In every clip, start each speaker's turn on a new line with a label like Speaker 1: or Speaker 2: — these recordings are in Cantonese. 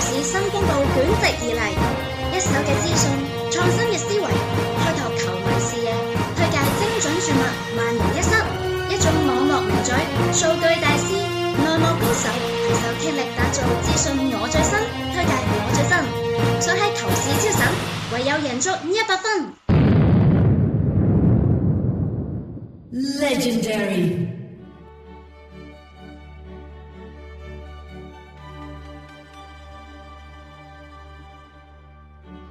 Speaker 1: 是新風暴卷席而嚟，一手嘅資訊，
Speaker 2: 創新嘅思維，開拓球迷視野，推介精準注物，萬無一失。一種網絡名嘴，數據大師，內幕高手，攜手傾力打造資訊我最新，推介我最新，想喺球市超神，唯有贏足一百分。
Speaker 1: Legendary。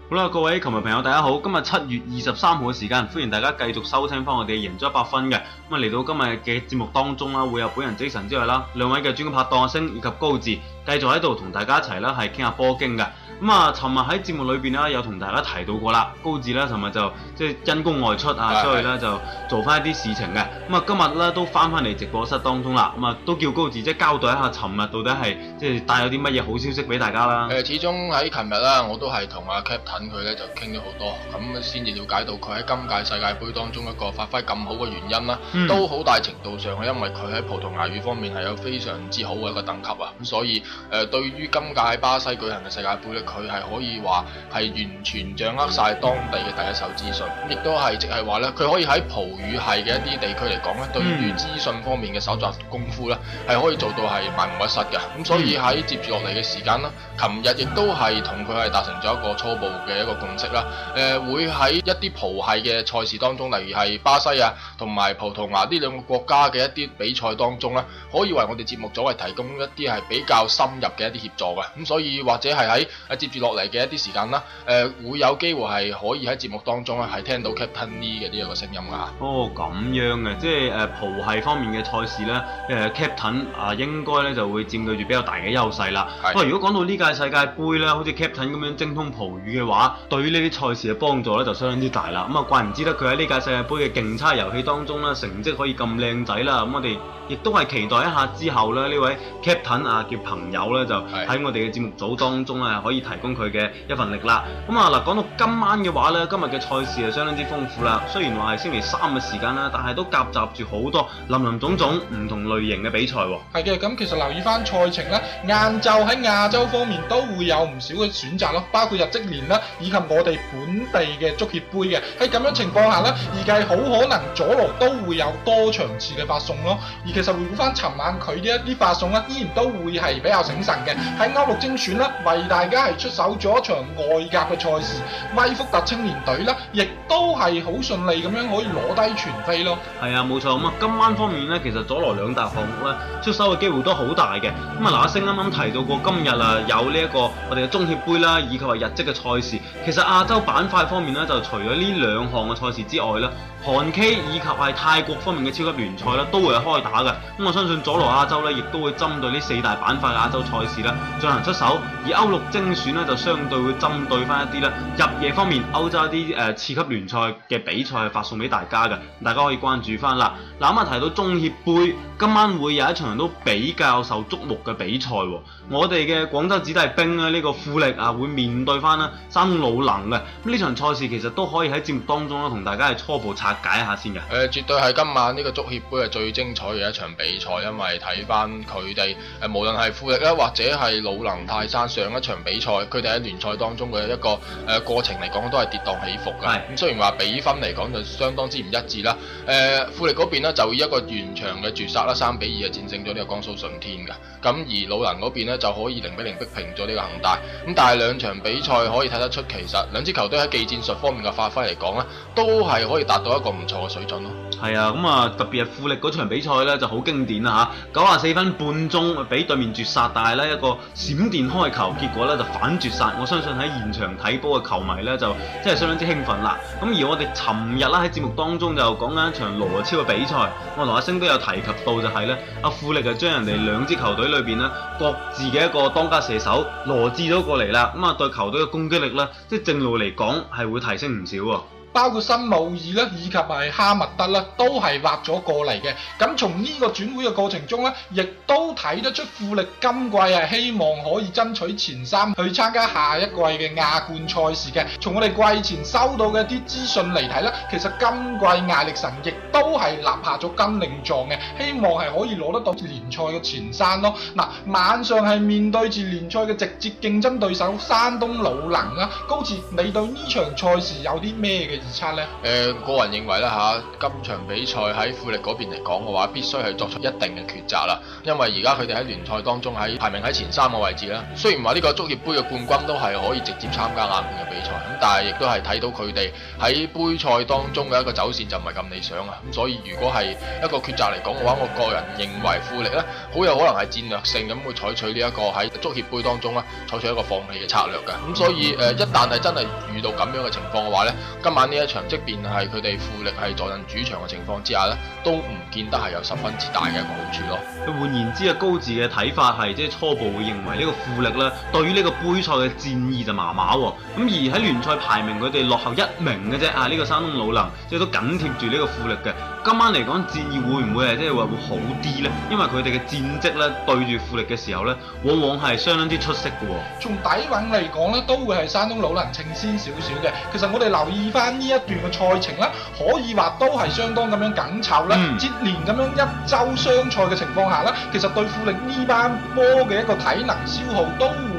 Speaker 2: 好啦，各位球迷朋友，大家好！今日七月二十三號嘅時間，歡迎大家繼續收聽翻我哋贏足 100FUN 嘅咁啊！嚟到今日嘅節目當中啦，會有本人 Jason 之外啦，兩位嘅專業拍檔星以及高志。繼續喺度同大家一齊啦，係傾下波經嘅。咁、嗯、啊，尋日喺節目裏邊啦，有同大家提到過啦。高志啦，尋日就即係、就是、因公外出啊，所以咧就做翻一啲事情嘅。咁、嗯、啊，今日咧都翻翻嚟直播室當中啦。咁、嗯、啊，都叫高志即係交代一下，尋日到底係即係帶有啲乜嘢好消息俾大家啦。
Speaker 1: 誒，始終喺尋日啦，我都係同阿 Captain 佢咧就傾咗好多，咁先至了解到佢喺今屆世界盃當中一個發揮咁好嘅原因啦。嗯、都好大程度上係因為佢喺葡萄牙語方面係有非常之好嘅一個等級啊，咁所以。誒、呃、對於今屆巴西舉行嘅世界盃咧，佢係可以話係完全掌握晒當地嘅第一手資訊，亦都係即係話咧，佢可以喺葡語系嘅一啲地區嚟講咧，對於資訊方面嘅蒐集功夫咧，係可以做到係萬無一失嘅。咁所以喺接住落嚟嘅時間啦，琴日亦都係同佢係達成咗一個初步嘅一個共識啦。誒、呃、會喺一啲葡系嘅賽事當中，例如係巴西啊，同埋葡萄牙呢兩個國家嘅一啲比賽當中咧，可以為我哋節目組係提供一啲係比較。深入嘅一啲協助嘅，咁所以或者係喺啊接住落嚟嘅一啲時間啦，誒、呃、會有機會係可以喺節目當中咧係聽到 Captain Lee 嘅呢一個聲音㗎。
Speaker 2: 哦，咁樣嘅，即係誒葡系方面嘅賽事咧，誒、呃、Captain 啊、呃、應該咧就會佔據住比較大嘅優勢啦。係。不過如果講到呢屆世界盃咧，好似 Captain 咁樣精通葡語嘅話，對於呢啲賽事嘅幫助咧就相當之大啦。咁、嗯、啊，怪唔之得佢喺呢屆世界盃嘅競猜遊戲當中咧成績可以咁靚仔啦。咁我哋亦都係期待一下之後咧呢位 Captain 啊叫彭。有咧就喺我哋嘅節目組當中啊，可以提供佢嘅一份力啦。咁啊嗱，講到今晚嘅話呢，今日嘅賽事係相當之豐富啦。雖然話係星期三嘅時間啦，但係都夾雜住好多林林總總唔同類型嘅比賽。
Speaker 3: 係嘅，咁其實留意翻賽程啦，晏晝喺亞洲方面都會有唔少嘅選擇咯，包括日職聯啦，以及我哋本地嘅足協盃嘅。喺咁樣情況下呢，預計好可能佐羅都會有多場次嘅發送咯。而其實回顧翻尋晚佢啲一啲發送呢，依然都會係比較。醒神嘅喺歐陸精選啦，為大家係出手咗一場愛甲嘅賽事，威福特青年隊啦，亦都係好順利咁樣可以攞低全飛咯。
Speaker 2: 係啊，冇錯咁啊，今晚方面呢，其實佐羅兩大項目咧，出手嘅機會都好大嘅。咁啊，嗱，先啱啱提到過今日啊，有呢、這、一個我哋嘅中協盃啦，以及話日職嘅賽事。其實亞洲板塊方面呢，就除咗呢兩項嘅賽事之外呢。韓 K 以及係泰國方面嘅超級聯賽啦，都會係開打嘅。咁我相信佐羅亞洲咧，亦都會針對呢四大板塊嘅亞洲賽事啦，進行出手。而歐陸精選咧，就相對會針對翻一啲咧入夜方面，歐洲一啲誒、呃、次級聯賽嘅比賽係發送俾大家嘅，大家可以關注翻啦。嗱咁啊，提到中協杯，今晚會有一場都比較受矚目嘅比賽喎。我哋嘅廣州子弟兵咧呢、這個富力啊，會面對翻啦山東魯能嘅，咁呢場賽事，其實都可以喺節目當中啦同大家係初步解一下
Speaker 1: 先嘅。誒，絕對係今晚呢個足協杯係最精彩嘅一場比賽，因為睇翻佢哋誒，無論係富力啦，或者係魯能泰山上一場比賽，佢哋喺聯賽當中嘅一個誒、呃、過程嚟講，都係跌宕起伏㗎。係。咁雖然話比分嚟講就相當之唔一致啦。誒、呃，富力嗰邊咧就以一個完場嘅絕殺啦，三比二啊戰勝咗呢個江蘇舜天嘅。咁而魯能嗰邊咧就可以零比零逼平咗呢個恒大。咁但係兩場比賽可以睇得出，其實兩支球隊喺技戰術方面嘅發揮嚟講咧，都係可以達到一個一個唔錯嘅水準咯，
Speaker 2: 係啊，咁啊特別係富力嗰場比賽咧就好經典啦吓，九十四分半鐘俾對面絕殺，但係咧一個閃電開球，結果咧就反絕殺，我相信喺現場睇波嘅球迷咧就真係、就是、相當之興奮啦。咁而我哋尋日啦喺節目當中就講緊一場羅超嘅比賽，我同阿星都有提及到就係咧阿富力就將人哋兩支球隊裏邊呢各自嘅一個當家射手羅智咗過嚟啦，咁啊對球隊嘅攻擊力咧即係正路嚟講係會提升唔少的。
Speaker 3: 包括新毛二啦，以及係哈密德啦，都係挖咗過嚟嘅。咁從呢個轉會嘅過程中咧，亦都睇得出富力今季係希望可以爭取前三去參加下一季嘅亞冠賽事嘅。從我哋季前收到嘅啲資訊嚟睇啦，其實今季艾力神亦都係立下咗金令狀嘅，希望係可以攞得到聯賽嘅前三咯。嗱，晚上係面對住聯賽嘅直接競爭對手山東魯能啦，高志，你對呢場賽事有啲咩
Speaker 1: 嘅？測咧，誒、呃、個人認為啦嚇、啊，今場比賽喺富力嗰邊嚟講嘅話，必須係作出一定嘅抉擇啦。因為而家佢哋喺聯賽當中喺排名喺前三個位置啦。雖然話呢個足協杯嘅冠軍都係可以直接參加亞冠嘅比賽，咁但係亦都係睇到佢哋喺杯賽當中嘅一個走線就唔係咁理想啊。咁所以如果係一個抉擇嚟講嘅話，我個人認為富力咧好有可能係戰略性咁會採取呢一個喺足協杯當中咧採取一個放棄嘅策略嘅。咁、嗯、所以誒、呃，一旦係真係遇到咁樣嘅情況嘅話咧，今晚，呢一場，即便係佢哋富力係坐鎮主場嘅情況之下呢都唔見得係有十分之大嘅一個好處咯。
Speaker 2: 換言之啊，高志嘅睇法係即係初步會認為呢個富力呢對於呢個杯賽嘅戰意就麻麻喎。咁而喺聯賽排名，佢哋落後一名嘅啫啊！呢個山東魯能即係都緊貼住呢個富力嘅。今晚嚟講戰意會唔會係即係話會好啲呢？因為佢哋嘅戰績呢對住富力嘅時候呢，我往往係相當之出色嘅。
Speaker 3: 從底蘊嚟講呢，都會係山東魯能勝先少少嘅。其實我哋留意翻。呢一段嘅賽程啦，可以話都係相當咁樣緊湊啦，接連咁樣一周雙賽嘅情況下啦，其實對富力呢班波嘅一個體能消耗都會。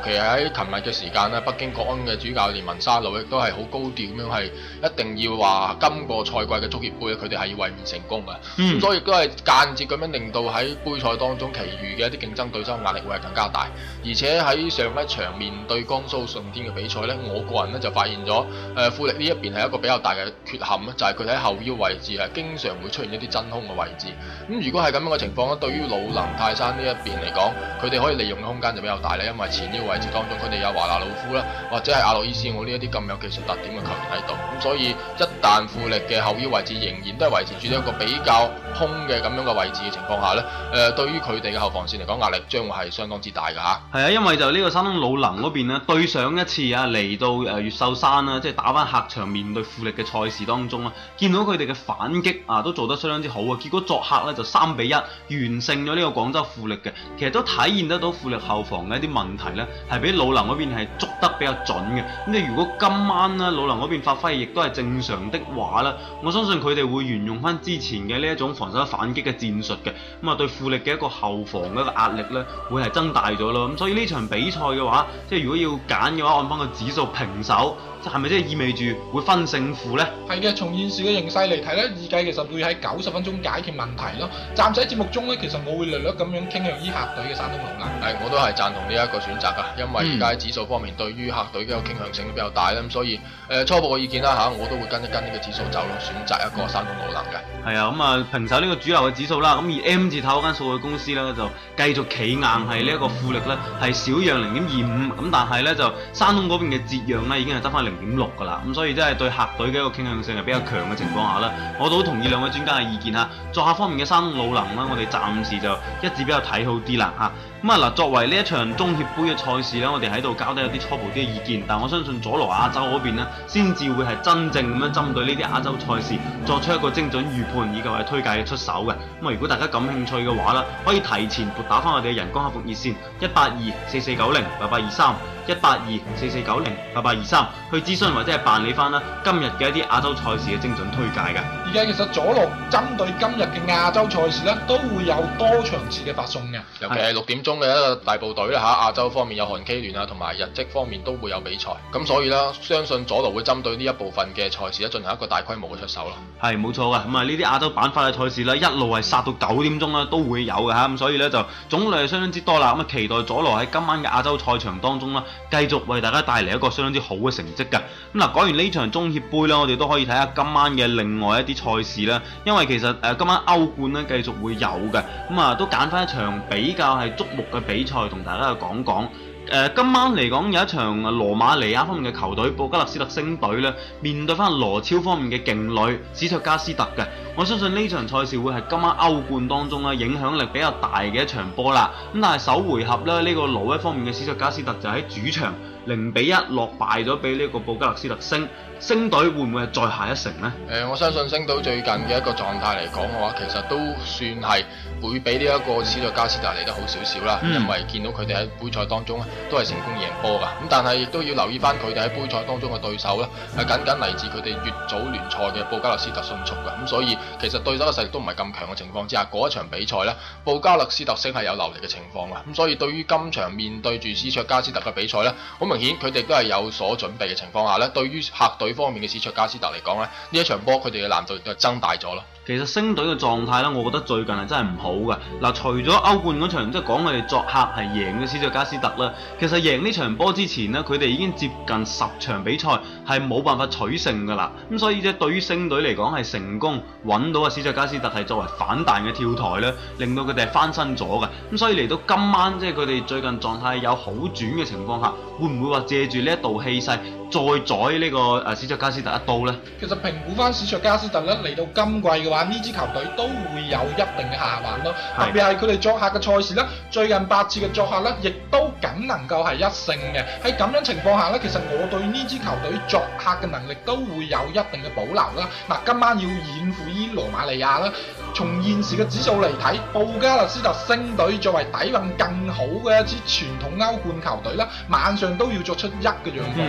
Speaker 1: 其實喺琴日嘅時間咧，北京國安嘅主教練文沙路亦都係好高調咁樣，係一定要話今個賽季嘅足協杯咧，佢哋係要衛冕成功嘅。咁、嗯、所以亦都係間接咁樣令到喺杯賽當中，其餘嘅一啲競爭對手壓力會係更加大。而且喺上一場面對江蘇舜天嘅比賽咧，我個人咧就發現咗，誒、呃、富力呢一邊係一個比較大嘅缺陷咧，就係佢喺後腰位置啊經常會出現一啲真空嘅位置。咁如果係咁樣嘅情況咧，對於魯能泰山呢一邊嚟講，佢哋可以利用嘅空間就比較大咧，因為前腰位置當中，佢哋有華納老夫啦，或者係阿洛伊斯，我呢一啲咁有技術特點嘅球員喺度，咁所以一。但富力嘅後腰位置仍然都係維持住一個比較空嘅咁樣嘅位置嘅情況下咧，誒，呃，對於佢哋嘅後防線嚟講，壓力將會係相當之大嘅吓，係
Speaker 2: 啊，因為就呢個山東魯能嗰邊咧對上一次啊嚟到誒越秀山啦，即係打翻客場面對富力嘅賽事當中啊，見到佢哋嘅反擊啊都做得相當之好啊，結果作客咧就三比一完勝咗呢個廣州富力嘅，其實都體現得到富力後防嘅一啲問題咧，係比魯能嗰邊係捉得比較準嘅。咁你如果今晚咧魯能嗰邊發揮亦都係正常的。的話咧，我相信佢哋會沿用翻之前嘅呢一種防守反擊嘅戰術嘅，咁啊對富力嘅一個後防嘅一個壓力咧，會係增大咗咯。咁所以呢場比賽嘅話，即係如果要揀嘅話，按翻個指數平手，係咪即係意味住會分勝負呢？
Speaker 3: 係嘅，從現時嘅形勢嚟睇咧，預計其實會喺九十分鐘解決問
Speaker 1: 題咯。暫時喺節目中咧，其實我會略略咁樣傾向於客隊嘅山東狼啦。係，我都係贊同呢一個選擇㗎，因為而家指數方面對於客隊嘅傾向性比較大啦。咁所以，誒初步嘅意見啦嚇，我都會跟一呢、這個指數走咯，選擇一個山東魯能
Speaker 2: 嘅。係啊，咁、嗯、啊，平手呢個主流嘅指數啦，咁而 M 字頭嗰間數據公司咧就繼續企硬這，係呢一個富力咧係少讓零點二五，咁但係咧就山東嗰邊嘅折讓咧已經係得翻零點六噶啦，咁所以即係對客隊嘅一個傾向性係比較強嘅情況下咧，我都好同意兩位專家嘅意見啊！作客方面嘅山東魯能咧，我哋暫時就一致比較睇好啲啦，吓。咁啊嗱，作為呢一場中協杯嘅賽事咧，我哋喺度交低一啲初步啲嘅意見，但我相信佐羅亞洲嗰邊先至會係真正咁樣針對呢啲亞洲賽事作出一個精準預判以及係推介嘅出手嘅。咁啊，如果大家感興趣嘅話啦，可以提前撥打翻我哋嘅人工客服熱線一八二四四九零八八二三一八二四四九零八八二三去諮詢或者係辦理翻啦
Speaker 1: 今日嘅一啲亞洲賽事嘅精準推介嘅。
Speaker 3: 其實佐羅針對今日嘅亞洲賽事咧，都會有多場次嘅發送嘅，
Speaker 1: 尤其係六點鐘嘅一個大部隊啦吓、啊，亞洲方面有韓 K 聯啊，同埋日職方面都會有比賽，咁所以咧，相信佐羅會針對呢一部分嘅賽事咧，進行一個大規模嘅出手咯。
Speaker 2: 係冇錯噶，咁啊呢啲亞洲版法嘅賽事咧，一路係殺到九點鐘啦，都會有嘅吓，咁、嗯、所以呢，就種類係相當之多啦，咁、嗯、啊期待佐羅喺今晚嘅亞洲賽場當中啦，繼續為大家帶嚟一個相當之好嘅成績噶。咁、嗯、嗱，講完呢場中協杯呢，我哋都可以睇下今晚嘅另外一啲。賽事啦，因為其實誒今晚歐冠咧繼續會有嘅，咁啊都揀翻一場比較係矚目嘅比賽同大家去講一講。誒、呃、今晚嚟講有一場羅馬尼亞方面嘅球隊布加勒斯特星隊咧面對翻羅超方面嘅勁旅史托加斯特嘅。我相信呢場賽事會係今晚歐冠當中咧影響力比較大嘅一場波啦。咁但係首回合咧呢、呢個挪威方面嘅斯德加斯特就喺主場零比一落敗咗俾呢個布加勒斯特星星隊會唔會係再下一城咧？
Speaker 1: 誒、呃，我相信星隊最近嘅一個狀態嚟講嘅話，其實都算係會比呢一個斯德加斯特嚟得好少少啦。因為見到佢哋喺杯賽當中都係成功贏波㗎。咁但係亦都要留意翻佢哋喺杯賽當中嘅對手咧，係僅僅嚟自佢哋乙組聯賽嘅布加勒斯特迅速㗎。咁所以其實對手嘅實力都唔係咁強嘅情況之下，嗰一場比賽咧，布加勒斯特升係有留力嘅情況啊。咁所以對於今場面對住斯卓加斯特嘅比賽咧，好明顯佢哋都係有所準備嘅情況下咧，對於客隊方面嘅斯卓加斯特嚟講咧，呢一場波佢哋嘅難度就增大咗咯。
Speaker 2: 其實星隊嘅狀態咧，我覺得最近係真係唔好㗎。嗱，除咗歐冠嗰場，即係講佢哋作客係贏咗斯卓加斯特啦，其實贏呢場波之前咧，佢哋已經接近十場比賽係冇辦法取勝噶啦。咁所以，即係對於星隊嚟講係成功揾到啊斯卓加斯特係作為反彈嘅跳台咧，令到佢哋係翻身咗㗎。咁所以嚟到今晚，即係佢哋最近狀態有好轉嘅情況下，會唔會話借住呢一道氣勢再宰呢個啊斯卓加斯特一刀呢？
Speaker 3: 其實評估翻斯卓加斯特咧，嚟到今季話呢支球隊都會有一定嘅下滑咯，特別係佢哋作客嘅賽事咧，最近八次嘅作客咧，亦都咁能夠係一勝嘅喺咁樣情況下呢，其實我對呢支球隊作客嘅能力都會有一定嘅保留啦。嗱，今晚要遠赴羅馬尼亞啦。從現時嘅指數嚟睇，布加勒斯特星隊作為底蘊更好嘅一支傳統歐冠球隊啦，晚上都要作出一嘅樣貌。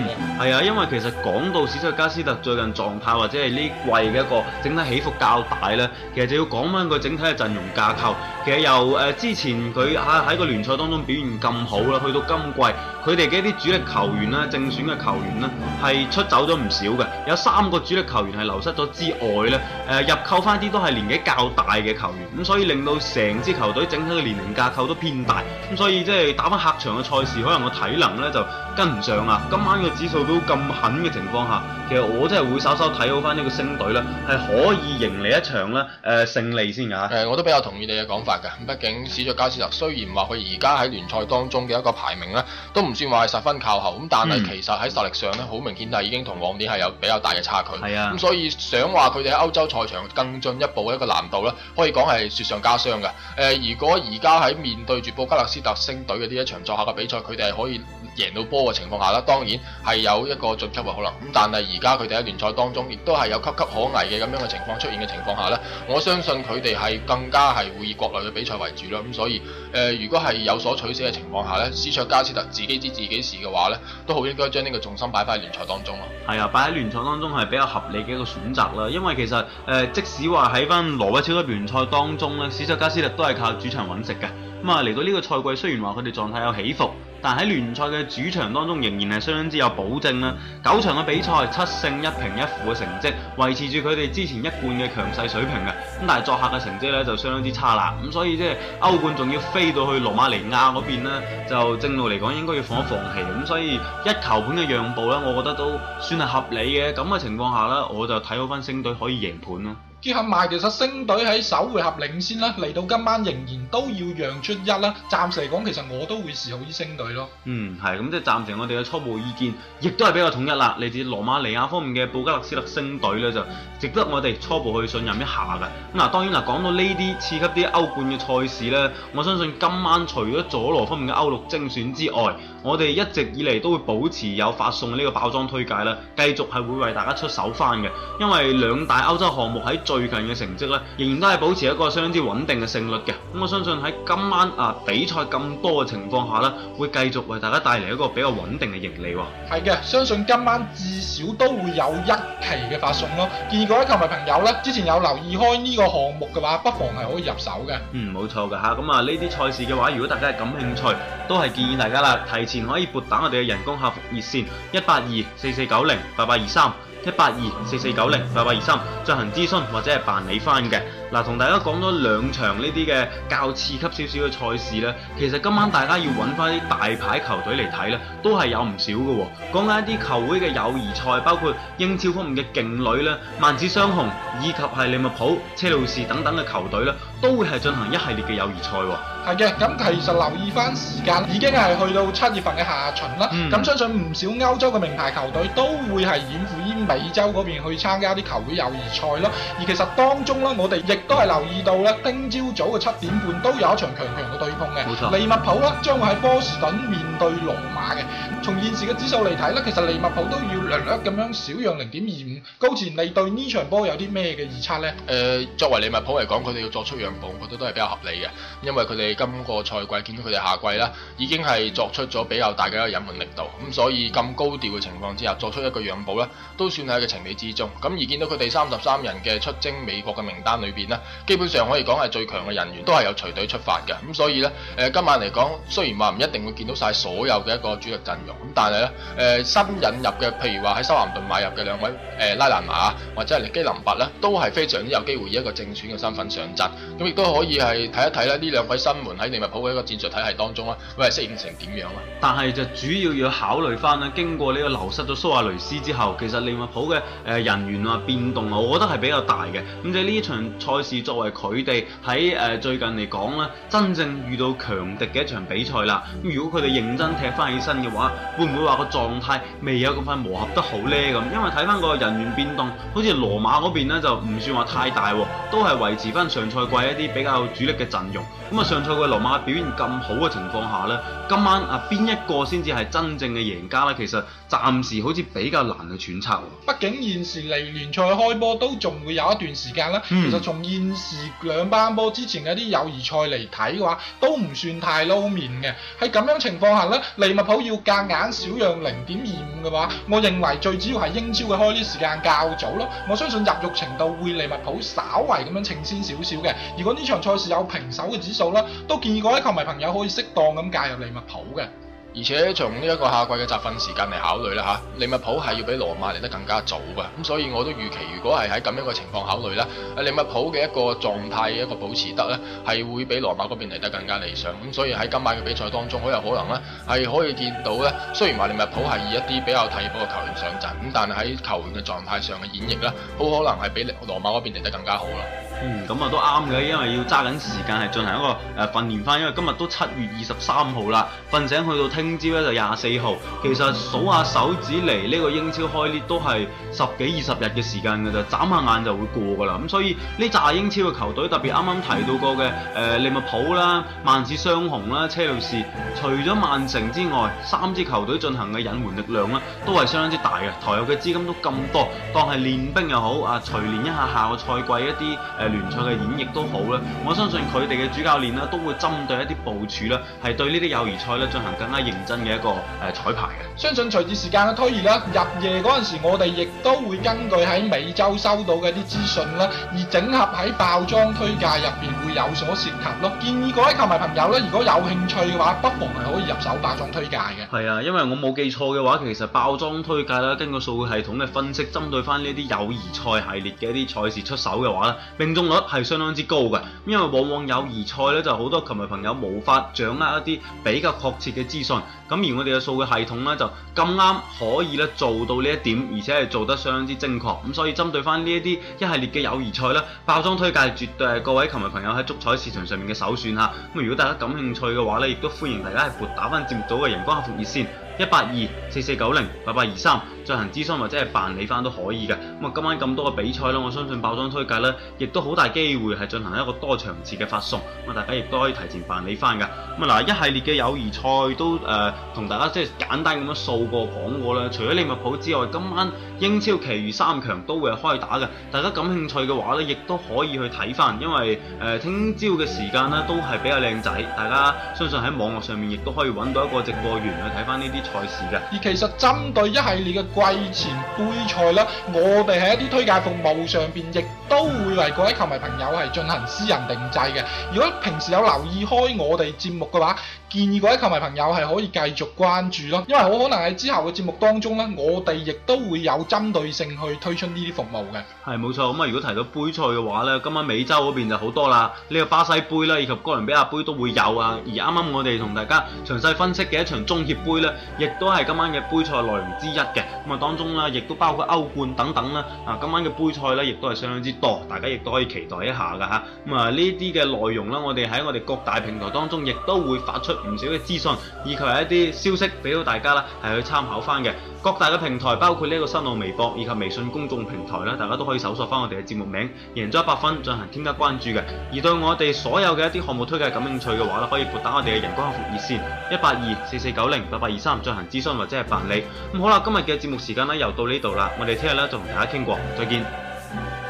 Speaker 2: 係啊，因為其實講到史塞加斯特最近狀態或者係呢季嘅一個整體起伏較大咧，其實就要講翻佢整體嘅陣容架構。其實由誒、呃、之前佢喺喺個聯賽當中表現咁好啦，到今季。佢哋嘅一啲主力球員啦、正選嘅球員啦，係出走咗唔少嘅，有三個主力球員係流失咗之外咧，誒入扣翻啲都係年紀較大嘅球員，咁所以令到成支球隊整體嘅年齡架構都偏大，咁所以即係打翻客場嘅賽事，可能個體能咧就跟唔上啊。今晚嘅指數都咁狠嘅情況下，其實我
Speaker 1: 真係會稍稍睇好翻呢個星隊咧，係可以贏嚟一場咧誒、呃、勝利先噶、啊。誒、呃、我都比較同意你嘅講法嘅，畢竟史卓加斯特雖然話佢而家喺聯賽當中嘅一個排名咧都唔。唔算話係十分靠後咁，但係其實喺實力上咧，好明顯就係已經同往年係有比較大嘅差距。咁、啊嗯、所以想話佢哋喺歐洲賽場更進一步嘅一個難度咧，可以講係雪上加霜嘅。誒、呃，如果而家喺面對住布加勒斯特星隊嘅呢一場作客嘅比賽，佢哋係可以。贏到波嘅情況下啦，當然係有一個晉級嘅可能。咁但係而家佢哋喺聯賽當中，亦都係有岌岌可危嘅咁樣嘅情況出現嘅情況下呢，我相信佢哋係更加係會以國內嘅比賽為主啦。咁所以，誒、呃、如果係有所取捨嘅情況下呢，斯卓加斯特自己知自己事嘅話呢，都好應該將呢個重心擺翻喺聯賽當中咯。
Speaker 2: 係啊，擺喺聯賽當中係比較合理嘅一個選擇啦。因為其實誒、呃、即使話喺翻挪威超級聯賽當中呢，斯卓加斯特都係靠主場揾食嘅。咁啊嚟到呢個賽季，雖然話佢哋狀態有起伏。但喺聯賽嘅主場當中，仍然係相當之有保證啦。九場嘅比賽，七勝一平一負嘅成績，維持住佢哋之前一貫嘅強勢水平嘅。咁但係作客嘅成績咧就相當之差啦。咁所以即係歐冠仲要飛到去羅馬尼亞嗰邊咧，就正路嚟講應該要放一放棄咁。所以一球盤嘅讓步呢，我覺得都算係合理嘅。咁嘅情況下呢，我就睇好翻星隊可以贏盤啦。
Speaker 3: 結合埋其實星隊喺首回合領先啦，嚟到今晚仍然都要讓出一啦。暫時嚟講，其實我都會試好啲星隊咯。
Speaker 2: 嗯，係咁即係暫時我哋嘅初步意見，亦都係比較統一啦。嚟自羅馬尼亞方面嘅布加勒斯特星隊咧就值得我哋初步去信任一下㗎。咁嗱，當然啦，講到呢啲刺激啲歐冠嘅賽事咧，我相信今晚除咗佐羅方面嘅歐陸精選之外，我哋一直以嚟都會保持有發送呢個包裝推介啦，繼續係會為大家出手翻嘅，因為兩大歐洲項目喺最近嘅成績咧，仍然都係保持一個相當之穩定嘅勝率嘅。咁我相信喺今晚啊比賽咁多嘅情況下呢，會繼續為大家帶嚟一個比較穩定嘅盈利喎。
Speaker 3: 係嘅，相信今晚至少都會有一期嘅發送咯。建議各位球迷朋友呢，之前有留意開呢個項目嘅話，不妨係可以入手嘅。
Speaker 2: 嗯，冇錯嘅吓。咁啊呢啲賽事嘅話，如果大家係感興趣，都係建議大家啦，提前前可以撥打我哋嘅人工客服熱線一八二四四九零八八二三一八二四四九零八八二三進行諮詢或者係辦理翻嘅。嗱、啊，同大家講咗兩場呢啲嘅較次級少少嘅賽事咧，其實今晚大家要揾翻啲大牌球隊嚟睇咧，都係有唔少嘅喎、啊。講緊一啲球會嘅友誼賽，包括英超方面嘅勁旅咧，曼市雙雄以及係利物浦、車路士等等嘅球隊咧。都會係進行一系列嘅友誼賽喎、
Speaker 3: 哦。係嘅，咁其實留意翻時間，已經係去到七月份嘅下旬啦。咁、嗯、相信唔少歐洲嘅名牌球隊都會係遠赴於美洲嗰邊去參加啲球會友誼賽咯。而其實當中啦，我哋亦都係留意到咧，聽朝早嘅七點半都有一場強強嘅對碰嘅。冇錯。利物浦啦，將會喺波士頓面對羅馬嘅。從現時嘅指數嚟睇咧，其實利物浦都要略略咁樣少讓零點二五。高前，你對呢場波有啲咩嘅預測呢？誒、
Speaker 1: 呃，作為利物浦嚟講，佢哋要作出讓。我覺得都係比較合理嘅，因為佢哋今個賽季見到佢哋下季啦，已經係作出咗比較大嘅一個引援力度，咁、嗯、所以咁高調嘅情況之下作出一個讓步咧，都算係一個情理之中。咁而見到佢哋三十三人嘅出征美國嘅名單裏邊咧，基本上可以講係最強嘅人員都係有隨隊出發嘅，咁、嗯、所以呢，誒、呃、今晚嚟講雖然話唔一定會見到晒所有嘅一個主力陣容，咁但係咧，誒、呃、新引入嘅譬如話喺修咸頓買入嘅兩位誒、呃、拉蘭馬、啊、或者係基林伯呢，都係非常之有機會以一個正選嘅身份上陣。亦都可以係睇一睇啦，呢兩位新援喺利物浦嘅一個戰術體系當中啦，會係適應成點樣啊？但
Speaker 2: 係就主要要考慮翻咧，經過呢個流失咗蘇亞雷斯之後，其實利物浦嘅誒人員啊變動啊，我覺得係比較大嘅。咁就呢場賽事作為佢哋喺誒最近嚟講咧，真正遇到強敵嘅一場比賽啦。咁如果佢哋認真踢翻起身嘅話，會唔會話個狀態未有咁快磨合得好咧？咁因為睇翻個人員變動，好似羅馬嗰邊咧就唔算話太大，都係維持翻上賽季。一啲比較主力嘅陣容，咁啊上賽季羅馬表現咁好嘅情況下呢，今晚啊邊一個先至係真正嘅贏家呢？其實暫時好似比較難去揣測喎。
Speaker 3: 畢竟現時嚟聯賽開波都仲會有一段時間啦、嗯。其實從現時兩班波之前嘅啲友誼賽嚟睇嘅話，都唔算太撈面嘅。喺咁樣情況下呢，利物浦要夾硬少讓零點二五嘅話，我認為最主要係英超嘅開啲時間較早咯。我相信入肉程度會利物浦稍為咁樣稱先少少嘅。如果呢場賽事有平手嘅指數啦，都建議嗰啲球迷朋友可以適當咁介入利物浦嘅。
Speaker 1: 而且從呢一個夏季嘅集訓時間嚟考慮啦嚇，利物浦係要比羅馬嚟得更加早嘅，咁所以我都預期如果係喺咁樣嘅情況考慮咧，利物浦嘅一個狀態一個保持得咧，係會比羅馬嗰邊嚟得更加理想。咁所以喺今晚嘅比賽當中，好有可能咧係可以見到咧，雖然話利物浦係以一啲比較替補嘅球員上陣，咁但係喺球員嘅狀態上嘅演繹咧，好可能係比羅馬嗰邊嚟得更加好啦。
Speaker 2: 嗯，咁啊都啱嘅，因為要揸緊時間係進行一個誒訓練翻，因為今日都七月二十三號啦，瞓醒去到聽朝咧，就廿四號，其實數下手指嚟呢個英超開裂都係十幾二十日嘅時間嘅，就眨下眼就會過噶啦。咁所以呢扎英超嘅球隊，特別啱啱提到過嘅誒利物浦啦、曼市雙雄啦、車路士，除咗曼城之外，三支球隊進行嘅隱瞞力量啦，都係相當之大嘅。投入嘅資金都咁多，當係練兵又好啊，錘、呃、練一下下個賽季一啲誒。呃聯賽嘅演繹都好啦，我相信佢哋嘅主教練啦都會針對一啲部署啦，係對呢啲友誼賽咧進行更加認真嘅一個誒、呃、彩排嘅。
Speaker 3: 相信隨住時間嘅推移咧，入夜嗰陣時，我哋亦都會根據喺美洲收到嘅啲資訊咧，而整合喺爆裝推介入邊會有所涉及咯。建議各位球迷朋友咧，如果有興趣嘅話，不妨係可以入手爆裝推介嘅。
Speaker 2: 係啊，因為我冇記錯嘅話，其實爆裝推介啦，根據數據系統嘅分析，針對翻呢啲友誼賽系列嘅一啲賽事出手嘅話咧，並率係相當之高嘅，因為往往友誼賽咧就好多球迷朋友無法掌握一啲比較確切嘅資訊，咁而我哋嘅數據系統咧就咁啱可以咧做到呢一點，而且係做得相當之精確，咁所以針對翻呢一啲一系列嘅友誼賽咧，包裝推介絕對係各位球迷朋友喺足彩市場上面嘅首選嚇。咁如果大家感興趣嘅話咧，亦都歡迎大家去撥打翻節目組嘅陽光客服熱線一八二四四九零八八二三。進行諮詢或者係辦理翻都可以嘅。咁啊，今晚咁多嘅比賽啦，我相信爆裝推介呢亦都好大機會係進行一個多場次嘅發送。咁大家亦都可以提前辦理翻嘅。咁啊，嗱一系列嘅友誼賽都誒同、呃、大家即係簡單咁樣數過講過啦。除咗利物浦之外，今晚英超其餘三強都會開打嘅。大家感興趣嘅話呢，亦都可以去睇翻，因為誒聽朝嘅時間呢都係比較靚仔。大家相信喺網絡上面亦都可以揾到一個直播源去睇翻呢啲賽事嘅。
Speaker 3: 而其實針對一系列嘅季前杯賽啦，我哋喺一啲推介服務上邊亦都會為各位球迷朋友係進行私人定制嘅。如果平時有留意開我哋節目嘅話，建議各位球迷朋友係可以繼續關注咯。因為好可能喺之後嘅節目當中咧，我哋亦都會有針對性去推出呢啲服務嘅。
Speaker 2: 係冇錯，咁啊，如果提到杯賽嘅話咧，今晚美洲嗰邊就好多啦。呢個巴西杯啦，以及哥倫比亞杯都會有啊。而啱啱我哋同大家詳細分析嘅一場中協杯咧，亦都係今晚嘅杯賽內容之一嘅。咁啊，當中咧亦都包括歐冠等等啦。啊，今晚嘅杯賽咧，亦都係相當之。大家亦都可以期待一下嘅哈，咁啊呢啲嘅內容啦，我哋喺我哋各大平台當中，亦都會發出唔少嘅資訊，以及一啲消息俾到大家啦，係去參考翻嘅。各大嘅平台包括呢個新浪微博以及微信公眾平台啦，大家都可以搜索翻我哋嘅節目名《贏足 100FUN》進行添加關注嘅。而對我哋所有嘅一啲項目推介感興趣嘅話咧，可以撥打我哋嘅人工客服熱線一八二四四九零八八二三進行諮詢或者係辦理。咁好啦，今日嘅節目時間咧又到呢度啦，我哋聽日呢，就同大家傾過，再見。